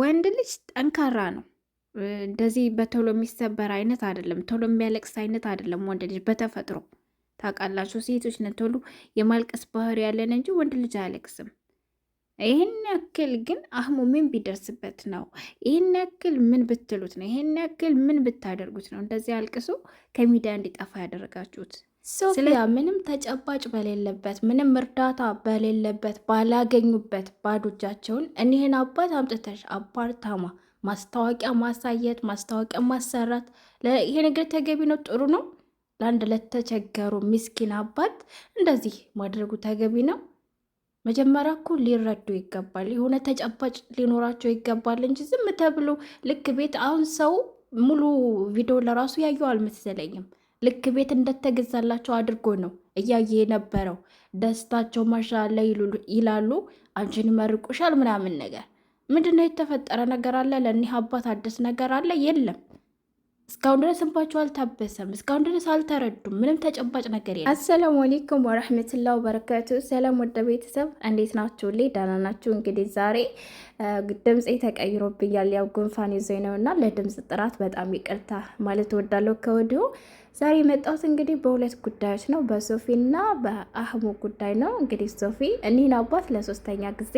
ወንድ ልጅ ጠንካራ ነው። እንደዚህ በቶሎ የሚሰበር አይነት አይደለም። ቶሎ የሚያለቅስ አይነት አይደለም። ወንድ ልጅ በተፈጥሮ ታውቃላችሁ፣ ሴቶች ነን ቶሎ የማልቀስ ባህሪ ያለን እንጂ ወንድ ልጅ አያለቅስም። ይህን ያክል ግን አህሙ ምን ቢደርስበት ነው? ይህን ያክል ምን ብትሉት ነው? ይህን ያክል ምን ብታደርጉት ነው እንደዚህ አልቅሶ ከሚዲያ እንዲጠፋ ያደረጋችሁት? ሶፊያ ምንም ተጨባጭ በሌለበት ምንም እርዳታ በሌለበት ባላገኙበት ባዶ እጃቸውን እኒህን አባት አምጥተሽ አፓርታማ ማስታወቂያ ማሳየት ማስታወቂያ ማሰራት ይሄ ነገር ተገቢ ነው? ጥሩ ነው? ለአንድ ለተቸገሩ ምስኪን አባት እንደዚህ ማድረጉ ተገቢ ነው? መጀመሪያ እኮ ሊረዱ ይገባል። የሆነ ተጨባጭ ሊኖራቸው ይገባል እንጂ ዝም ተብሎ ልክ ቤት አሁን ሰው ሙሉ ቪዲዮ ለራሱ ያየው አልመሰለኝም። ልክ ቤት እንደተገዛላቸው አድርጎ ነው እያየ የነበረው። ደስታቸው ማሻለ ይላሉ፣ አንቺን ይመርቁሻል ምናምን ነገር። ምንድነው የተፈጠረ ነገር አለ? ለእኒህ አባት አዲስ ነገር አለ? የለም። እስካሁን ድረስ እንባቸው አልታበሰም። እስካሁን ድረስ አልተረዱም። ምንም ተጨባጭ ነገር የለም። አሰላሙ አሌይኩም ወረህመቱላ ወበረካቱ። ሰላም ወደ ቤተሰብ እንዴት ናችሁ? ሌ ደህና ናችሁ? እንግዲህ ዛሬ ድምፅ ተቀይሮብኛል። ያው ጉንፋን ይዞኝ ነው እና ለድምፅ ጥራት በጣም ይቅርታ ማለት እወዳለሁ ከወዲሁ ዛሬ የመጣሁት እንግዲህ በሁለት ጉዳዮች ነው፣ በሶፊና በአህሙ ጉዳይ ነው። እንግዲህ ሶፊ እኒህን አባት ለሶስተኛ ጊዜ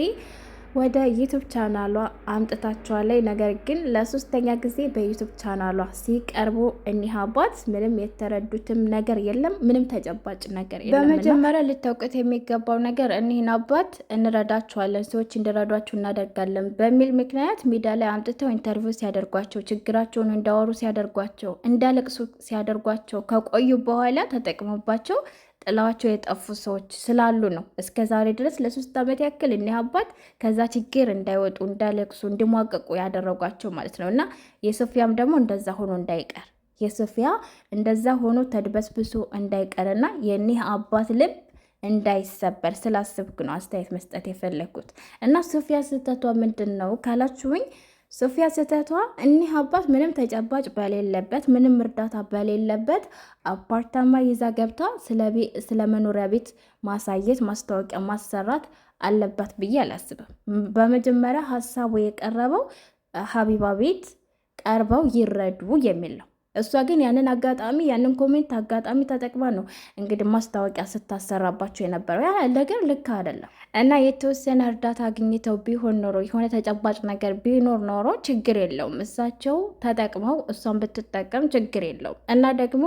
ወደ ዩቱብ ቻናሏ አምጥታችኋለች። ነገር ግን ለሶስተኛ ጊዜ በዩቱብ ቻናሏ ሲቀርቡ እኒህ አባት ምንም የተረዱትም ነገር የለም፣ ምንም ተጨባጭ ነገር የለም። በመጀመሪያ ልታውቁት የሚገባው ነገር እኒህን አባት እንረዳችኋለን፣ ሰዎች እንዲረዷችሁ እናደርጋለን በሚል ምክንያት ሚዲያ ላይ አምጥተው ኢንተርቪው ሲያደርጓቸው፣ ችግራቸውን እንዳወሩ ሲያደርጓቸው፣ እንዳለቅሱ ሲያደርጓቸው ከቆዩ በኋላ ተጠቅሞባቸው ጥላዋቸው የጠፉ ሰዎች ስላሉ ነው። እስከ ዛሬ ድረስ ለሶስት ዓመት ያክል እኒህ አባት ከዛ ችግር እንዳይወጡ እንዳይለቅሱ፣ እንዲሟቀቁ ያደረጓቸው ማለት ነው እና የሶፊያም ደግሞ እንደዛ ሆኖ እንዳይቀር የሶፊያ እንደዛ ሆኖ ተድበስብሶ እንዳይቀርና የኒህ አባት ልብ እንዳይሰበር ስላስብክ ነው አስተያየት መስጠት የፈለግኩት። እና ሶፊያ ስህተቷ ምንድን ነው ካላችሁኝ ሶፊያ ስህተቷ እኒህ አባት ምንም ተጨባጭ በሌለበት ምንም እርዳታ በሌለበት አፓርታማ ይዛ ገብታ ስለ መኖሪያ ቤት ማሳየት ማስታወቂያ ማሰራት አለባት ብዬ አላስብም። በመጀመሪያ ሀሳቡ የቀረበው ሀቢባ ቤት ቀርበው ይረዱ የሚል ነው። እሷ ግን ያንን አጋጣሚ ያንን ኮሜንት አጋጣሚ ተጠቅማ ነው እንግዲህ ማስታወቂያ ስታሰራባቸው የነበረው። ያ ነገር ልክ አይደለም እና የተወሰነ እርዳታ አግኝተው ቢሆን ኖሮ የሆነ ተጨባጭ ነገር ቢኖር ኖሮ ችግር የለውም። እሳቸው ተጠቅመው እሷን ብትጠቀም ችግር የለውም። እና ደግሞ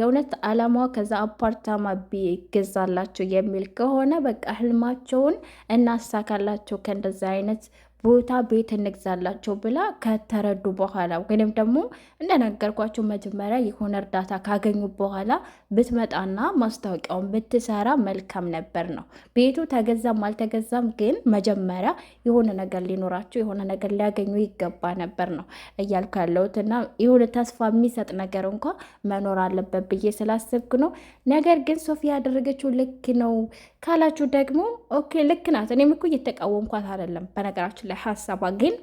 የእውነት አላማዋ ከዛ አፓርታማ ቢገዛላቸው የሚል ከሆነ በቃ ህልማቸውን እናሳካላቸው ከእንደዚህ አይነት ቦታ ቤት እንግዛላቸው ብላ ከተረዱ በኋላ ወይም ደግሞ እንደነገርኳቸው መጀመሪያ የሆነ እርዳታ ካገኙ በኋላ ብትመጣና ማስታወቂያውን ብትሰራ መልካም ነበር ነው። ቤቱ ተገዛም አልተገዛም ግን መጀመሪያ የሆነ ነገር ሊኖራቸው የሆነ ነገር ሊያገኙ ይገባ ነበር ነው እያልኩ ያለሁት እና የሆነ ተስፋ የሚሰጥ ነገር እንኳ መኖር አለበት ብዬ ስላሰብኩ ነው። ነገር ግን ሶፊ ያደረገችው ልክ ነው ካላችሁ ደግሞ ኦኬ ልክ ናት። እኔም እኮ እየተቃወምኳት አይደለም በነገራችን ላይ ሀሳቧ ግን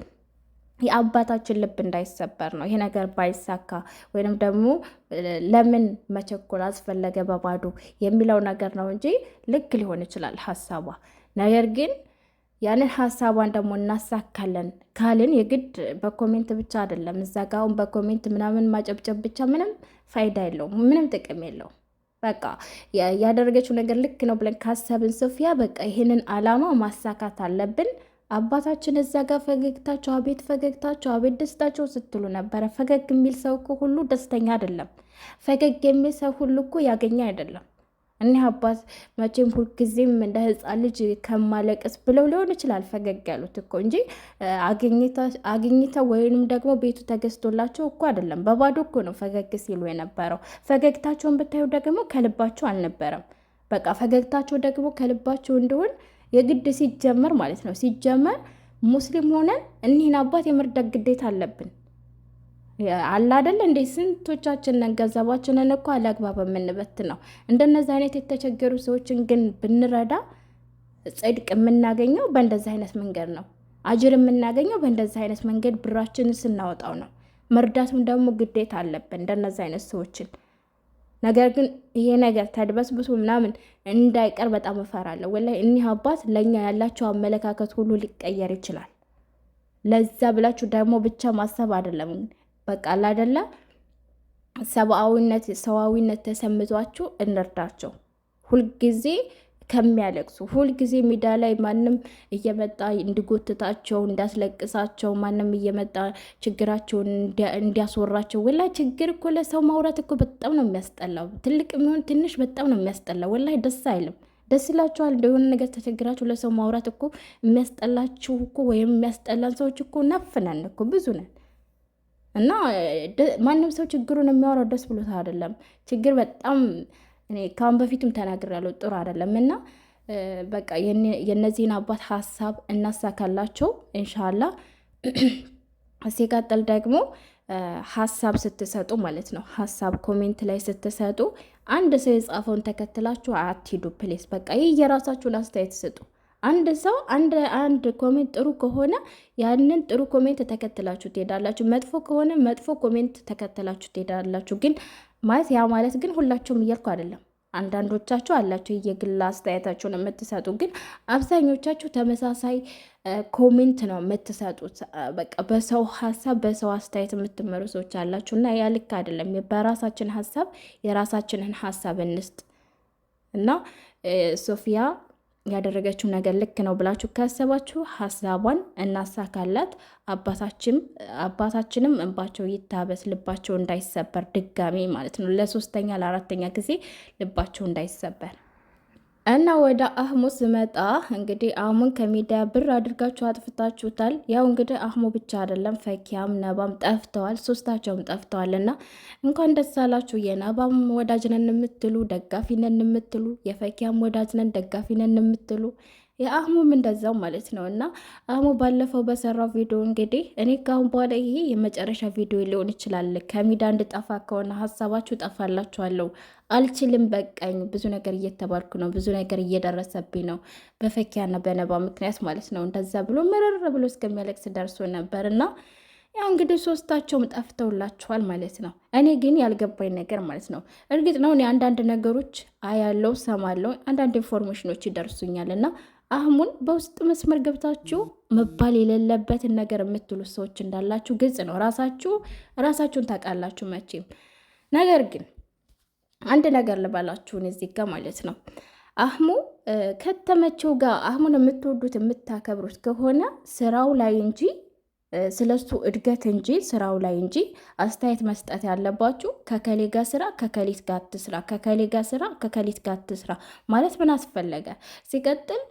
የአባታችን ልብ እንዳይሰበር ነው። ይሄ ነገር ባይሳካ ወይንም ደግሞ ለምን መቸኮል አስፈለገ በባዶ የሚለው ነገር ነው እንጂ ልክ ሊሆን ይችላል ሀሳቧ። ነገር ግን ያንን ሀሳቧን ደግሞ እናሳካለን ካልን የግድ በኮሜንት ብቻ አይደለም። እዛ ጋ አሁን በኮሜንት ምናምን ማጨብጨብ ብቻ ምንም ፋይዳ የለውም፣ ምንም ጥቅም የለውም። በቃ ያደረገችው ነገር ልክ ነው ብለን ካሰብን ሶፊያ በቃ ይህንን አላማ ማሳካት አለብን አባታችን እዛ ጋር ፈገግታቸው አቤት ፈገግታቸው አቤት ደስታቸው ስትሉ ነበረ። ፈገግ የሚል ሰው እኮ ሁሉ ደስተኛ አይደለም። ፈገግ የሚል ሰው ሁሉ እኮ ያገኘ አይደለም። እኒህ አባት መቼም ሁልጊዜም እንደ ሕፃን ልጅ ከማለቅስ ብለው ሊሆን ይችላል ፈገግ ያሉት እኮ እንጂ አግኝተው ወይንም ደግሞ ቤቱ ተገዝቶላቸው እኮ አይደለም። በባዶ እኮ ነው ፈገግ ሲሉ የነበረው። ፈገግታቸውን ብታዩ ደግሞ ከልባቸው አልነበረም። በቃ ፈገግታቸው ደግሞ ከልባቸው እንደሆን የግድ ሲጀመር ማለት ነው ሲጀመር ሙስሊም ሆነን እኒህን አባት የመርዳት ግዴታ አለብን። አላደለ እንዴ? ስንቶቻችንን ገንዘባችንን እኮ አላግባብ የምንበት ነው። እንደነዚህ አይነት የተቸገሩ ሰዎችን ግን ብንረዳ ጽድቅ የምናገኘው በእንደዚህ አይነት መንገድ ነው። አጅር የምናገኘው በእንደዚህ አይነት መንገድ ብራችንን ስናወጣው ነው። መርዳቱም ደግሞ ግዴታ አለብን እንደነዚህ አይነት ሰዎችን ነገር ግን ይሄ ነገር ተድበስብሶ ምናምን እንዳይቀር በጣም እፈራለሁ። ወላሂ እኒህ አባት ለእኛ ያላቸው አመለካከት ሁሉ ሊቀየር ይችላል። ለዛ ብላችሁ ደግሞ ብቻ ማሰብ አይደለም። በቃ ላደላ ሰብአዊነት ሰዋዊነት ተሰምቷችሁ እንርዳቸው ሁልጊዜ ከሚያለቅሱ ሁልጊዜ ሜዳ ላይ ማንም እየመጣ እንዲጎትታቸው እንዳስለቅሳቸው ማንም እየመጣ ችግራቸውን እንዲያስወራቸው። ወላ ችግር እኮ ለሰው ማውራት እኮ በጣም ነው የሚያስጠላው። ትልቅ የሚሆን ትንሽ በጣም ነው የሚያስጠላው። ወላ ደስ አይልም። ደስ ይላችኋል እንደሆነ ነገር ተቸግራችሁ ለሰው ማውራት እኮ የሚያስጠላችሁ እኮ ወይም የሚያስጠላን ሰዎች እኮ ናፍናን እኮ ብዙ ነን እና ማንም ሰው ችግሩን የሚያወራው ደስ ብሎት አይደለም። ችግር በጣም እኔ ከአሁን በፊትም ተናግሬያለሁ፣ ጥሩ አይደለም እና በቃ የእነዚህን አባት ሀሳብ እናሳካላቸው እንሻላ። ሲቀጥል ደግሞ ሀሳብ ስትሰጡ ማለት ነው፣ ሀሳብ ኮሜንት ላይ ስትሰጡ አንድ ሰው የጻፈውን ተከትላችሁ አትሂዱ ፕሌስ። በቃ ይህ የራሳችሁን አስተያየት ስጡ። አንድ ሰው አንድ አንድ ኮሜንት ጥሩ ከሆነ ያንን ጥሩ ኮሜንት ተከትላችሁ ትሄዳላችሁ። መጥፎ ከሆነ መጥፎ ኮሜንት ተከትላችሁ ትሄዳላችሁ። ግን ማለት ያ ማለት ግን ሁላቸውም እያልኩ አይደለም። አንዳንዶቻችሁ አላቸው የግል አስተያየታችሁን የምትሰጡ፣ ግን አብዛኞቻችሁ ተመሳሳይ ኮሜንት ነው የምትሰጡት። በቃ በሰው ሀሳብ በሰው አስተያየት የምትመሩ ሰዎች አላችሁ እና ያ ልክ አይደለም። በራሳችን ሀሳብ የራሳችንን ሀሳብ እንስጥ እና ሶፊያ ያደረገችው ነገር ልክ ነው ብላችሁ ካሰባችሁ ሀሳቧን እናሳካላት። አባታችንም እንባቸው ይታበስ፣ ልባቸው እንዳይሰበር ድጋሜ ማለት ነው ለሶስተኛ ለአራተኛ ጊዜ ልባቸው እንዳይሰበር እና ወደ አህሙ ስመጣ እንግዲህ አህሙን ከሚዲያ ብር አድርጋችሁ አጥፍታችሁታል። ያው እንግዲህ አህሙ ብቻ አይደለም ፈኪያም ነባም ጠፍተዋል፣ ሶስታቸውም ጠፍተዋል። እና እንኳን ደስ አላችሁ የነባም ወዳጅነን የምትሉ ደጋፊነን የምትሉ የፈኪያም ወዳጅነን ደጋፊነን የምትሉ የአህሙም እንደዛው ማለት ነው። እና አህሙ ባለፈው በሰራው ቪዲዮ እንግዲህ እኔ ካሁን በኋላ ይሄ የመጨረሻ ቪዲዮ ሊሆን ይችላል፣ ከሚዳ እንድጠፋ ከሆነ ሀሳባችሁ ጠፋላችኋለሁ፣ አልችልም፣ በቀኝ ብዙ ነገር እየተባልኩ ነው፣ ብዙ ነገር እየደረሰብኝ ነው፣ በፈኪያና በነባ ምክንያት ማለት ነው። እንደዛ ብሎ ምርር ብሎ እስከሚያለቅስ ደርሶ ነበር እና ያው እንግዲህ ሶስታቸውም ጠፍተውላችኋል ማለት ነው። እኔ ግን ያልገባኝ ነገር ማለት ነው እርግጥ ነው እኔ አንዳንድ ነገሮች አያለው ሰማለው፣ አንዳንድ ኢንፎርሜሽኖች ይደርሱኛል እና አህሙን በውስጥ መስመር ገብታችሁ መባል የሌለበትን ነገር የምትሉት ሰዎች እንዳላችሁ ግልጽ ነው። ራሳችሁ ራሳችሁን ታውቃላችሁ መቼም። ነገር ግን አንድ ነገር ልባላችሁን እዚህ ጋር ማለት ነው አህሙ ከተመቸው ጋር አህሙን የምትወዱት የምታከብሩት ከሆነ ስራው ላይ እንጂ ስለሱ እድገት እንጂ ስራው ላይ እንጂ አስተያየት መስጠት ያለባችሁ ከከሌ ጋር ስራ ከከሊት ጋር ትስራ ከከሌ ጋር ስራ ከከሊት ጋር ትስራ ማለት ምን አስፈለገ? ሲቀጥል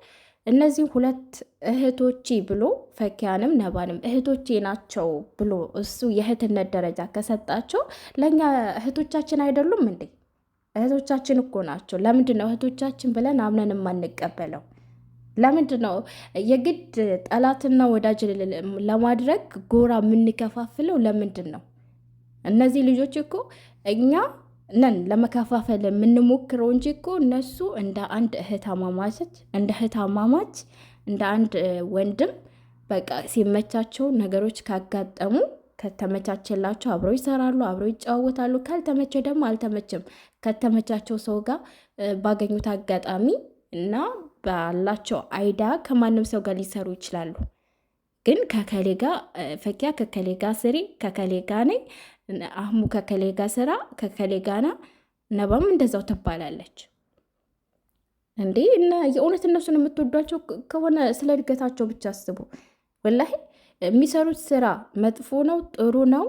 እነዚህ ሁለት እህቶቼ ብሎ ፈኪያንም ነባንም እህቶቼ ናቸው ብሎ እሱ የእህትነት ደረጃ ከሰጣቸው ለእኛ እህቶቻችን አይደሉም እንዴ? እህቶቻችን እኮ ናቸው። ለምንድን ነው እህቶቻችን ብለን አምነን የማንቀበለው? ለምንድን ነው የግድ ጠላትና ወዳጅ ለማድረግ ጎራ የምንከፋፍለው? ለምንድን ነው እነዚህ ልጆች እኮ እኛ ነን ለመከፋፈል የምንሞክረው እንጂ እኮ እነሱ እንደ አንድ እህት አማማች እንደ እህት አማማች እንደ አንድ ወንድም በቃ ሲመቻቸው ነገሮች ካጋጠሙ ከተመቻቸላቸው አብረው ይሰራሉ፣ አብረው ይጨዋወታሉ። ካልተመቸ ደግሞ አልተመችም ከተመቻቸው ሰው ጋር ባገኙት አጋጣሚ እና ባላቸው አይዳ ከማንም ሰው ጋር ሊሰሩ ይችላሉ። ግን ከከሌ ጋ ፈኪያ ከከሌ ጋ ስሪ ከከሌ ነኝ አህሙ ከከሌ ጋ ስራ ከከሌ ጋና ነባም እንደዛው ትባላለች። እንዴ እና የእውነት እነሱን የምትወዷቸው ከሆነ ስለ እድገታቸው ብቻ አስቡ። ወላሂ የሚሰሩት ስራ መጥፎ ነው ጥሩ ነው፣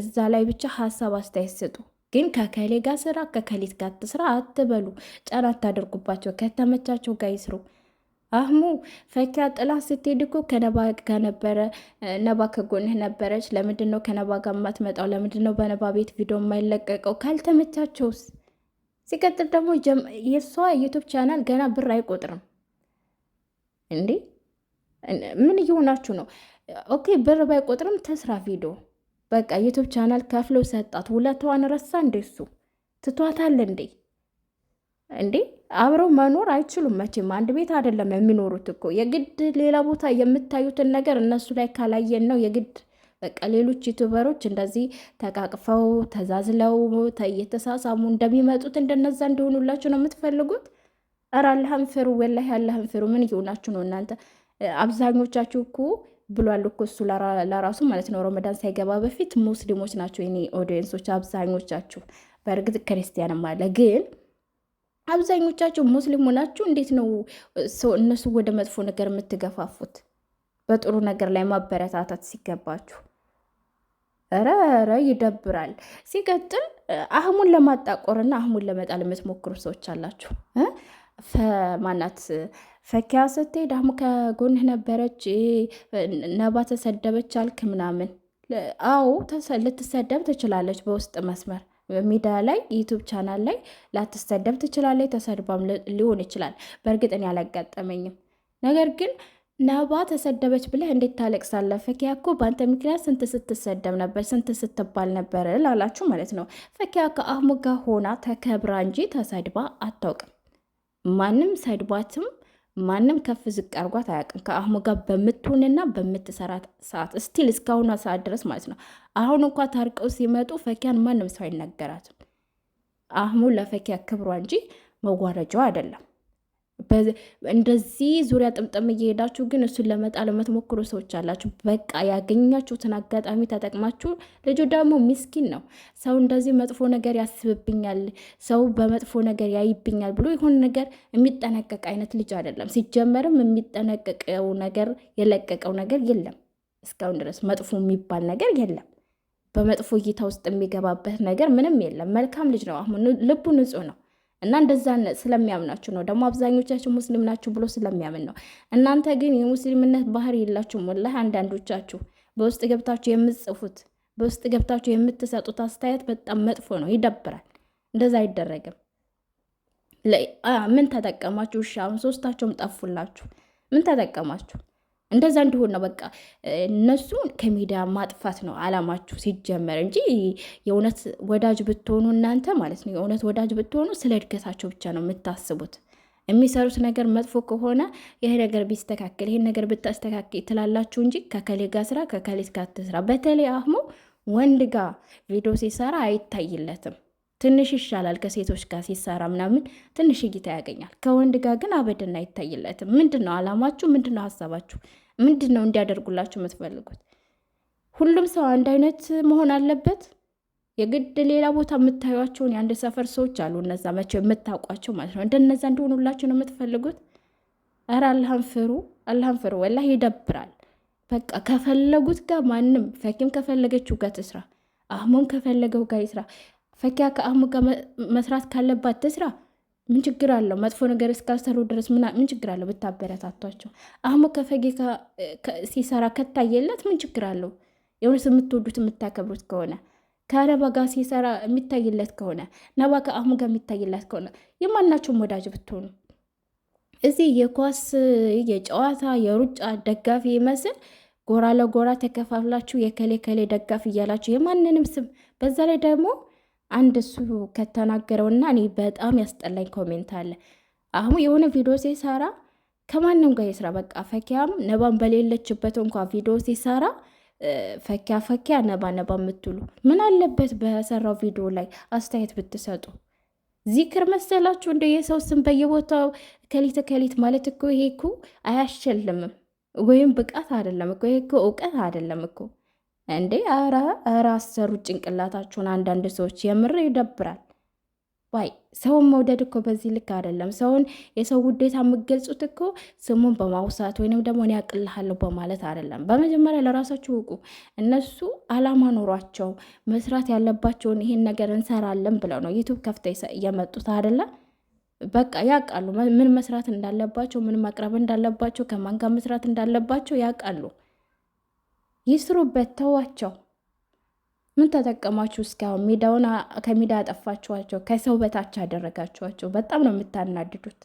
እዛ ላይ ብቻ ሀሳብ አስተያየት ስጡ። ግን ከከሌ ጋር ስራ ከከሌት ጋር ትስራ አትበሉ። ጫና አታደርጉባቸው። ከተመቻቸው ጋር ይስሩ። አህሙ ፈኪያ ጥላ ስትሄድ እኮ ከነባ ጋር ነበረ። ነባ ከጎንህ ነበረች። ለምንድን ነው ከነባ ጋር የማትመጣው? ለምንድን ነው በነባ ቤት ቪዲዮ የማይለቀቀው? ካልተመቻቸውስ? ሲቀጥል ደግሞ የእሷ ዩቱብ ቻናል ገና ብር አይቆጥርም እንዴ? ምን እየሆናችሁ ነው? ኦኬ ብር ባይቆጥርም ተስራ ቪዲዮ በቃ ዩቱብ ቻናል ከፍለው ሰጣት። ውለታዋን ረሳ እንዴ? እሱ ትቷታል እንዴ እንዴ አብረው መኖር አይችሉም። መቼም አንድ ቤት አይደለም የሚኖሩት እኮ የግድ ሌላ ቦታ የምታዩትን ነገር እነሱ ላይ ካላየን ነው የግድ በቃ ሌሎች ዩቱበሮች እንደዚህ ተቃቅፈው ተዛዝለው እየተሳሳሙ እንደሚመጡት እንደነዛ እንደሆኑላችሁ ነው የምትፈልጉት? ኧረ አላህን ፍሩ፣ ወላሂ አላህን ፍሩ። ምን እየሆናችሁ ነው እናንተ? አብዛኞቻችሁ እኮ ብሏል እኮ እሱ ለራሱ ማለት ነው። ረመዳን ሳይገባ በፊት ሙስሊሞች ናቸው የኔ ኦዲየንሶች አብዛኞቻችሁ። በእርግጥ ክርስቲያንም አለ ግን አብዛኞቻችሁ ሙስሊም ሆናችሁ እንዴት ነው ሰው እነሱ ወደ መጥፎ ነገር የምትገፋፉት? በጥሩ ነገር ላይ ማበረታታት ሲገባችሁ። ኧረ ኧረ ይደብራል። ሲቀጥል አህሙን ለማጣቆርና አህሙን ለመጣል የምትሞክሩ ሰዎች አላችሁ። ማናት ፈኪያ ስትሄድ አህሙ ከጎንህ ነበረች፣ ነባ ተሰደበች አልክ ምናምን። አዎ ልትሰደብ ትችላለች በውስጥ መስመር ሚዲያ ላይ ዩቱብ ቻናል ላይ ላትሰደብ ትችላለች። ተሰድባም ሊሆን ይችላል። በእርግጥ ያላጋጠመኝም አላጋጠመኝም። ነገር ግን ነባ ተሰደበች ብለህ እንዴት ታለቅሳለህ? ፈኪያ እኮ በአንተ ምክንያት ስንት ስትሰደብ ነበር፣ ስንት ስትባል ነበር ላላችሁ ማለት ነው። ፈኪያ ከአህሙ ጋር ሆና ተከብራ እንጂ ተሰድባ አታውቅም። ማንም ሰድባትም? ማንም ከፍ ዝቅ አርጓት አያውቅም። ከአህሙ ጋር በምትሆንና በምትሰራት ሰዓት ስቲል እስካሁኗ ሰዓት ድረስ ማለት ነው። አሁን እንኳ ታርቀው ሲመጡ ፈኪያን ማንም ሰው አይነገራትም። አህሙ ለፈኪያ ክብሯ እንጂ መዋረጃው አይደለም። እንደዚህ ዙሪያ ጥምጥም እየሄዳችሁ ግን እሱን ለመጣል የምትሞክሩ ሰዎች አላችሁ። በቃ ያገኛችሁትን አጋጣሚ ተጠቅማችሁ ልጁ ደግሞ ምስኪን ነው። ሰው እንደዚህ መጥፎ ነገር ያስብብኛል፣ ሰው በመጥፎ ነገር ያይብኛል ብሎ የሆነ ነገር የሚጠነቀቅ አይነት ልጅ አይደለም። ሲጀመርም የሚጠነቀቀው ነገር የለቀቀው ነገር የለም እስካሁን ድረስ መጥፎ የሚባል ነገር የለም። በመጥፎ እይታ ውስጥ የሚገባበት ነገር ምንም የለም። መልካም ልጅ ነው። አሁን ልቡ ንጹህ ነው። እና እንደዛ ስለሚያምናችሁ ነው። ደግሞ አብዛኞቻችሁ ሙስሊም ናችሁ ብሎ ስለሚያምን ነው። እናንተ ግን የሙስሊምነት ባህሪ የላችሁም። ወላሂ አንዳንዶቻችሁ በውስጥ ገብታችሁ የምትጽፉት በውስጥ ገብታችሁ የምትሰጡት አስተያየት በጣም መጥፎ ነው፣ ይደብራል። እንደዛ አይደረግም። ምን ተጠቀማችሁ? እሺ አሁን ሶስታቸውም ጠፉላችሁ። ምን ተጠቀማችሁ? እንደዛ እንዲሆን ነው በቃ እነሱን ከሚዲያ ማጥፋት ነው አላማችሁ ሲጀመር እንጂ የእውነት ወዳጅ ብትሆኑ እናንተ ማለት ነው የእውነት ወዳጅ ብትሆኑ ስለ እድገታቸው ብቻ ነው የምታስቡት የሚሰሩት ነገር መጥፎ ከሆነ ይሄ ነገር ቢስተካከል ይሄን ነገር ብታስተካክል ትላላችሁ እንጂ ከከሌ ጋር ስራ ከከሌት ጋር ትስራ በተለይ አህሙ ወንድ ጋር ቪዲዮ ሲሰራ አይታይለትም ትንሽ ይሻላል ከሴቶች ጋር ሲሰራ ምናምን ትንሽ እይታ ያገኛል። ከወንድ ጋር ግን አበድና አይታይለትም። ምንድን ነው አላማችሁ? ምንድን ነው ሀሳባችሁ? ምንድን ነው እንዲያደርጉላችሁ የምትፈልጉት? ሁሉም ሰው አንድ አይነት መሆን አለበት? የግድ ሌላ ቦታ የምታዩቸውን የአንድ ሰፈር ሰዎች አሉ። እነዛ መቼው የምታውቋቸው ማለት ነው። እንደነዛ እንደሆኑላችሁ ነው የምትፈልጉት? ኧረ አላህን ፍሩ፣ አላህን ፍሩ። ወላሂ ይደብራል። በቃ ከፈለጉት ጋር ማንም ፈኪም ከፈለገችው ጋር ትስራ፣ አህሞም ከፈለገው ጋር ይስራ። ፈኪያ ከአህሙ ጋር መስራት ካለባት ትስራ። ምን ችግር አለው? መጥፎ ነገር እስካልሰሩ ድረስ ምን ችግር አለው ብታበረታቷቸው? አህሙ ከፈጌ ሲሰራ ከታየለት ምን ችግር አለው? የእውነት የምትወዱት የምታከብሩት ከሆነ ከነባ ጋር ሲሰራ የሚታይለት ከሆነ ነባ ከአህሙ ጋር የሚታይለት ከሆነ የማናቸውም ወዳጅ ብትሆኑ እዚህ የኳስ የጨዋታ የሩጫ ደጋፊ ይመስል ጎራ ለጎራ ተከፋፍላችሁ የከሌ ከሌ ደጋፊ እያላችሁ የማንንም ስም በዛ ላይ ደግሞ አንድ እሱ ከተናገረውና እኔ በጣም ያስጠላኝ ኮሜንት አለ። አሁን የሆነ ቪዲዮ ሲሰራ ከማንም ጋር የስራ በቃ ፈኪያም ነባን በሌለችበት እንኳ ቪዲዮ ሲሰራ ፈኪያ ፈኪያ ነባ ነባ የምትሉ ምን አለበት በሰራው ቪዲዮ ላይ አስተያየት ብትሰጡ። ዚክር መሰላችሁ እንደ የሰው ስም በየቦታው ከሊት ከሊት ማለት እኮ ይሄ እኮ አያሸልምም ወይም ብቃት አይደለም እኮ ይሄ እኮ እውቀት አይደለም እኮ እንዴ! ኧረ ኧረ አሰሩ ጭንቅላታችሁን። አንዳንድ ሰዎች የምር ይደብራል። ዋይ ሰውን መውደድ እኮ በዚህ ልክ አይደለም። ሰውን የሰው ውዴታ የምገልጹት እኮ ስሙን በማውሳት ወይንም ደግሞ እኔ ያቅልሃለሁ በማለት አይደለም። በመጀመሪያ ለራሳችሁ እውቁ። እነሱ አላማ ኖሯቸው መስራት ያለባቸውን ይሄን ነገር እንሰራለን ብለው ነው ዩቱብ ከፍተ የመጡት አይደለም። በቃ ያውቃሉ ምን መስራት እንዳለባቸው፣ ምን ማቅረብ እንዳለባቸው፣ ከማን ጋር መስራት እንዳለባቸው ያውቃሉ። ይስሩበት፣ ተዋቸው። ምን ተጠቀማችሁ? እስካሁን ሜዳውን ከሜዳ አጠፋችኋቸው፣ ከሰው በታች አደረጋችኋቸው። በጣም ነው የምታናድዱት።